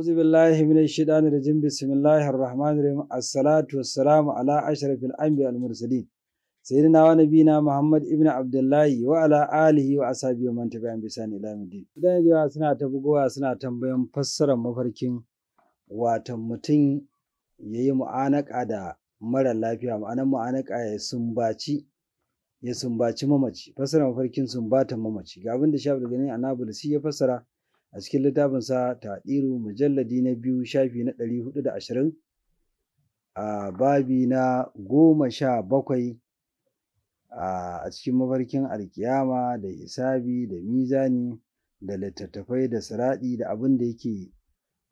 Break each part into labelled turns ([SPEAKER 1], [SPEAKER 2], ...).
[SPEAKER 1] أعوذ بالله من الشيطان الرجيم بسم الله الرحمن الرحيم الصلاة والسلام على أشرف الأنبياء المرسلين سيدنا ونبينا محمد ابن عبد الله وعلى آله وأصحابه ومن تبعهم بإحسان إلى يوم الدين idan yawa suna a bugowa suna tambayan fassarar mafarkin watan mutum yayi mu'anaka da mara lafiya ma'anar mu'anaka ya sumbaci ya sumbaci mamaci fassarar mafarkin sumbatan mamaci ga abin da shafi da ganin annabi ya fassara a cikin littafinsa taɗiru mujalladi na biyu shafi na ɗari hudu da ashirin a babi na goma sha bakwai a cikin mafarkin alkiyama da hisabi da mizani da littattafai da siraɗi da abin da yake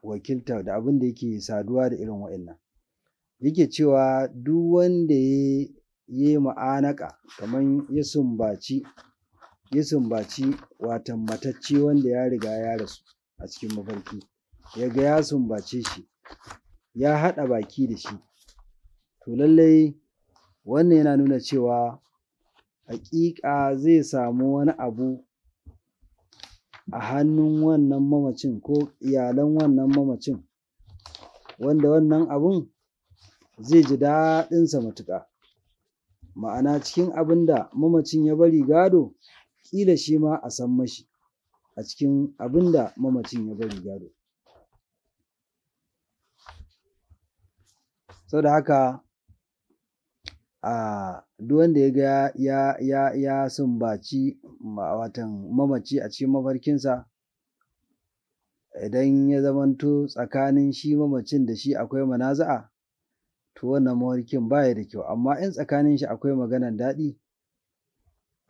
[SPEAKER 1] wakilta da abin da yake saduwa da irin wa'annan yake cewa duk wanda ya yi ma'anaka kamar ya sumbaci ya sumbaci watan matacce wanda ya riga ya rasu a cikin mafarki ya ga ya sumbace shi ya haɗa baki da shi to lallai wannan yana nuna cewa haƙiƙa zai samu wani abu a hannun wannan mamacin ko iyalan wannan mamacin wanda wannan abun zai ji daɗinsa matuƙa ma'ana cikin abin da mamacin ya bari gado ƙila shi ma a san mashi a cikin abin da mamacin ya bari gado. Sau da haka a duk wanda ya ga ya ya ya sumbaci watan mamaci a cikin mafarkinsa idan ya zamanto tsakanin shi mamacin da shi akwai manaza'a to wannan mafarkin baya da kyau amma in tsakanin shi akwai maganar daɗi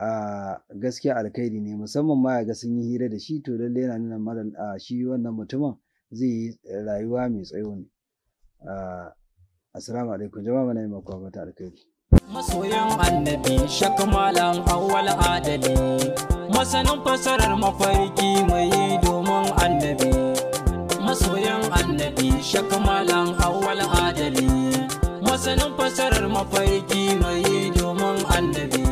[SPEAKER 1] a gaskiya alkhairi ne musamman ma ga sun yi hira da shi to lalle yana nuna mara shi wannan mutumin zai yi rayuwa mai tsayo ne assalamu alaikum jama'a mana yi makwa fata alkhairi masoyan annabi shak malam awwal adali
[SPEAKER 2] masanin fasarar mafarki mai yi domin annabi masoyan annabi shak malam awwal adali masanin fasarar mafarki mai yi domin annabi